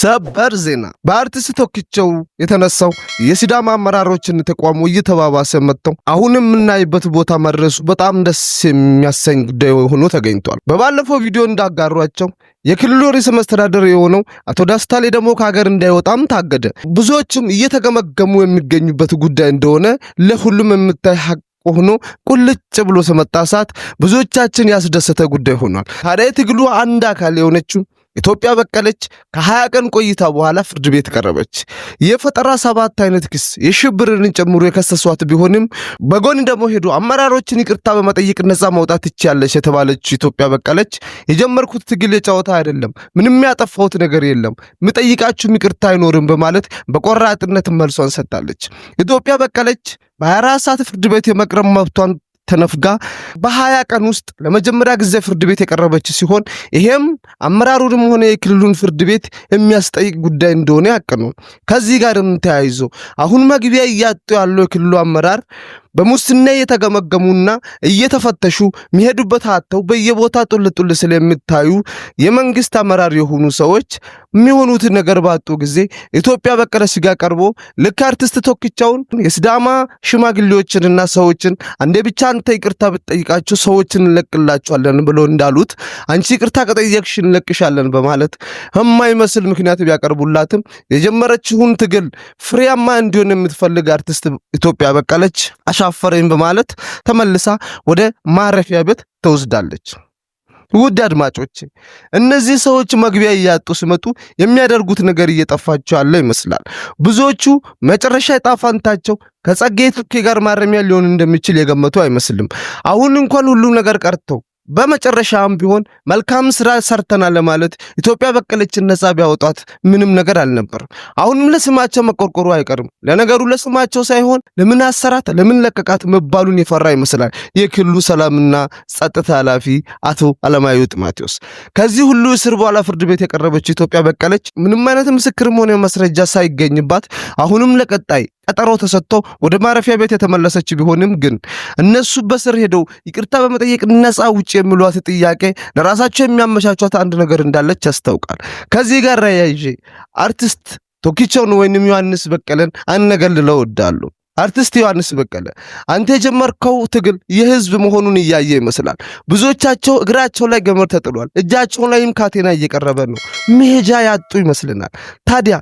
ሰበር ዜና በአርቲስት ቶክቸው የተነሳው የሲዳማ አመራሮችን ተቋሙ እየተባባሰ መጥተው አሁን የምናይበት ቦታ መድረሱ በጣም ደስ የሚያሰኝ ጉዳይ ሆኖ ተገኝቷል። በባለፈው ቪዲዮ እንዳጋሯቸው የክልሉ ርዕሰ መስተዳደር የሆነው አቶ ደስታ ደግሞ ከሀገር እንዳይወጣም ታገደ። ብዙዎችም እየተገመገሙ የሚገኙበት ጉዳይ እንደሆነ ለሁሉም የምታይ ሀቅ ሆኖ ቁልጭ ብሎ ስመጣ ሰዓት ብዙዎቻችን ያስደሰተ ጉዳይ ሆኗል። ታዲያ ትግሉ አንድ አካል የሆነችው ኢትዮጵያ በቀለች ከ20 ቀን ቆይታ በኋላ ፍርድ ቤት ቀረበች። የፈጠራ ሰባት አይነት ክስ የሽብርን ጨምሮ የከሰሷት ቢሆንም በጎን ደግሞ ሄዶ አመራሮችን ይቅርታ በመጠየቅ ነፃ መውጣት ትችያለሽ የተባለች ኢትዮጵያ በቀለች የጀመርኩት ትግል የጨዋታ አይደለም፣ ምንም ያጠፋሁት ነገር የለም፣ ምጠይቃችሁም ይቅርታ አይኖርም በማለት በቆራጥነት መልሷን ሰጥታለች። ኢትዮጵያ በቀለች በ24 ሰዓት ፍርድ ቤት የመቅረብ መብቷን ተነፍጋ በሀያ ቀን ውስጥ ለመጀመሪያ ጊዜ ፍርድ ቤት የቀረበች ሲሆን ይሄም አመራሩንም ሆነ የክልሉን ፍርድ ቤት የሚያስጠይቅ ጉዳይ እንደሆነ ያቅ ነው። ከዚህ ጋርም ተያይዞ አሁን መግቢያ እያጡ ያለው የክልሉ አመራር በሙስና እየተገመገሙና እየተፈተሹ የሚሄዱበት አጥተው በየቦታ ጡል ጡል ስለሚታዩ የመንግስት አመራር የሆኑ ሰዎች የሚሆኑት ነገር ባጡ ጊዜ ኢትዮጵያ በቀለ ሲጋ ቀርቦ ልክ አርቲስት ቶክቻውን የስዳማ ሽማግሌዎችንና ሰዎችን አንዴ ብቻ አንተ ይቅርታ ብትጠይቃቸው ሰዎችን እንለቅላቸዋለን ብሎ እንዳሉት አንቺ ይቅርታ ከጠየቅሽ እንለቅሻለን በማለት የማይመስል ምክንያት ቢያቀርቡላትም የጀመረችውን ትግል ፍሬያማ እንዲሆን የምትፈልግ አርቲስት ኢትዮጵያ በቀለች አሻፈረኝ በማለት ተመልሳ ወደ ማረፊያ ቤት ተወስዳለች። ውድ አድማጮች እነዚህ ሰዎች መግቢያ እያጡ ሲመጡ የሚያደርጉት ነገር እየጠፋቸው ያለ ይመስላል። ብዙዎቹ መጨረሻ የጣፋንታቸው ፈንታቸው ከጸጋዬ ጋር ማረሚያ ሊሆን እንደሚችል የገመቱ አይመስልም። አሁን እንኳን ሁሉም ነገር ቀርተው በመጨረሻም ቢሆን መልካም ስራ ሰርተናል ለማለት ኢትዮጵያ በቀለችን ነጻ ቢያወጧት ምንም ነገር አልነበር። አሁንም ለስማቸው መቆርቆሩ አይቀርም። ለነገሩ ለስማቸው ሳይሆን ለምን አሰራት፣ ለምን ለቀቃት መባሉን የፈራ ይመስላል የክልሉ ሰላምና ጸጥታ ኃላፊ አቶ አለማየሁ ጢሞቴዎስ። ከዚህ ሁሉ እስር በኋላ ፍርድ ቤት የቀረበችው ኢትዮጵያ በቀለች ምንም አይነት ምስክርም ሆነ ማስረጃ ሳይገኝባት አሁንም ለቀጣይ ቀጠሮ ተሰጥቶ ወደ ማረፊያ ቤት የተመለሰች ቢሆንም ግን እነሱ በስር ሄደው ይቅርታ በመጠየቅ ነፃ ውጭ የሚሏት ጥያቄ ለራሳቸው የሚያመቻቿት አንድ ነገር እንዳለች ያስታውቃል። ከዚህ ጋር ያያይዤ አርቲስት ቶኪቸውን ወይንም ዮሐንስ በቀለን አነገልለው እወዳለሁ። አርቲስት ዮሐንስ በቀለ አንተ የጀመርከው ትግል የህዝብ መሆኑን እያየ ይመስላል። ብዙዎቻቸው እግራቸው ላይ ገመድ ተጥሏል፣ እጃቸው ላይም ካቴና እየቀረበ ነው። መሄጃ ያጡ ይመስልናል። ታዲያ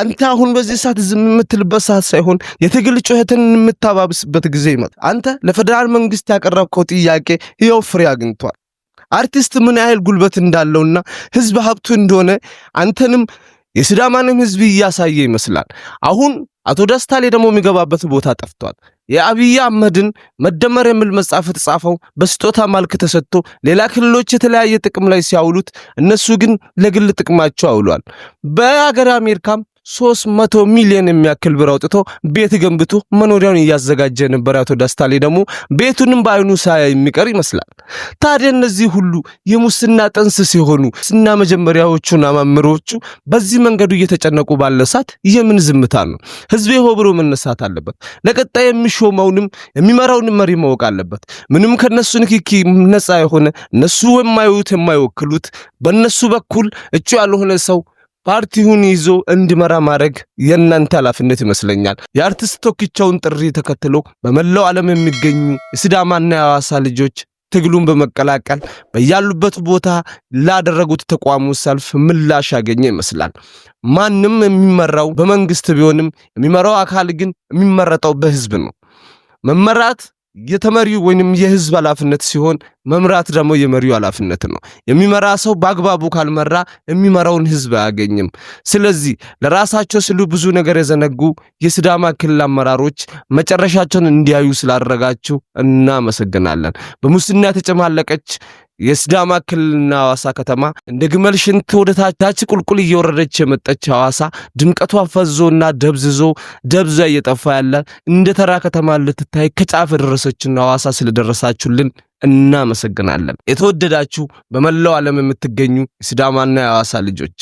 አንተ አሁን በዚህ ሰዓት ዝም የምትልበት ሰዓት ሳይሆን የትግል ጩኸትን የምታባብስበት ጊዜ ይመጣል። አንተ ለፌዴራል መንግስት ያቀረብከው ጥያቄ ይኸው ፍሬ አግኝቷል። አርቲስት ምን ያህል ጉልበት እንዳለውና ህዝብ ሀብቱ እንደሆነ አንተንም የሲዳማንም ህዝብ እያሳየ ይመስላል። አሁን አቶ ደስታ ላይ ደግሞ የሚገባበት ቦታ ጠፍቷል። የአብይ አህመድን መደመር የሚል መጽሐፍ የተጻፈው በስጦታ መልክ ተሰጥቶ ሌላ ክልሎች የተለያየ ጥቅም ላይ ሲያውሉት፣ እነሱ ግን ለግል ጥቅማቸው አውሏል። በሀገር አሜሪካም ሶስት መቶ ሚሊዮን የሚያክል ብር አውጥቶ ቤት ገንብቶ መኖሪያውን እያዘጋጀ ነበር። አቶ ደስታሌ ደግሞ ቤቱንም በአይኑ ሳያይ የሚቀር ይመስላል። ታዲያ እነዚህ ሁሉ የሙስና ጥንስ ሲሆኑ ስና መጀመሪያዎቹና መምህሮቹ በዚህ መንገዱ እየተጨነቁ ባለ ሰዓት የምን ዝምታ ነው? ህዝቤ ሆ ብሎ መነሳት አለበት። ለቀጣይ የሚሾመውንም የሚመራውንም መሪ ማወቅ አለበት። ምንም ከነሱ ንክኪ ነፃ የሆነ እነሱ የማዩት የማይወክሉት በነሱ በኩል እጩ ያልሆነ ሰው ፓርቲውን ይዞ እንዲመራ ማድረግ የእናንተ ኃላፊነት ይመስለኛል። የአርቲስት ቶኪቻውን ጥሪ ተከትሎ በመላው ዓለም የሚገኙ የሲዳማና የሐዋሳ ልጆች ትግሉን በመቀላቀል በያሉበት ቦታ ላደረጉት ተቋሙ ሰልፍ ምላሽ ያገኘ ይመስላል። ማንም የሚመራው በመንግስት ቢሆንም የሚመራው አካል ግን የሚመረጠው በህዝብ ነው። መመራት የተመሪው ወይንም የህዝብ ኃላፊነት ሲሆን መምራት ደግሞ የመሪው ኃላፊነት ነው። የሚመራ ሰው በአግባቡ ካልመራ የሚመራውን ህዝብ አያገኝም። ስለዚህ ለራሳቸው ሲሉ ብዙ ነገር የዘነጉ የሲዳማ ክልል አመራሮች መጨረሻቸውን እንዲያዩ ስላደረጋችሁ እናመሰግናለን። በሙስና የተጨማለቀች የስዳማ ክልልና ሐዋሳ ከተማ እንደ ግመል ሽንት ወደ ታች ቁልቁል እየወረደች የመጠች ሐዋሳ ድምቀቷ ፈዞና ደብዝዞ ደብዛ እየጠፋ ያለ እንደ ተራ ከተማ ልትታይ ከጫፍ የደረሰችን ሐዋሳ ስለደረሳችሁልን እናመሰግናለን። የተወደዳችሁ በመላው ዓለም የምትገኙ የሲዳማና የአዋሳ ልጆች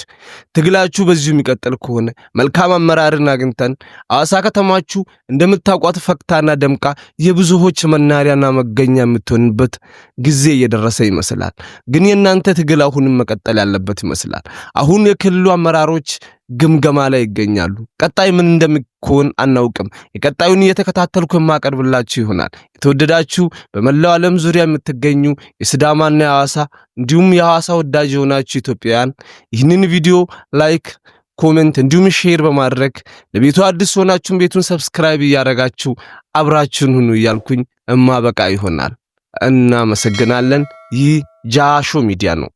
ትግላችሁ በዚሁ የሚቀጥል ከሆነ መልካም አመራርን አግኝተን አዋሳ ከተማችሁ እንደምታውቋት ፈክታና ደምቃ የብዙዎች መናሪያና መገኛ የምትሆንበት ጊዜ እየደረሰ ይመስላል። ግን የእናንተ ትግል አሁንም መቀጠል ያለበት ይመስላል። አሁን የክልሉ አመራሮች ግምገማ ላይ ይገኛሉ። ቀጣይ ምን እንደሚሆን አናውቅም። የቀጣዩን እየተከታተልኩ የማቀርብላችሁ ይሆናል። የተወደዳችሁ በመላው ዓለም ዙሪያ የምትገኙ የስዳማና የሐዋሳ እንዲሁም የሐዋሳ ወዳጅ የሆናችሁ ኢትዮጵያውያን ይህንን ቪዲዮ ላይክ ኮሜንት እንዲሁም ሼር በማድረግ ለቤቱ አዲስ ሆናችሁን ቤቱን ሰብስክራይብ እያደረጋችሁ አብራችሁን ሁኑ እያልኩኝ እማበቃ ይሆናል። እናመሰግናለን። ይህ ጃሾ ሚዲያ ነው።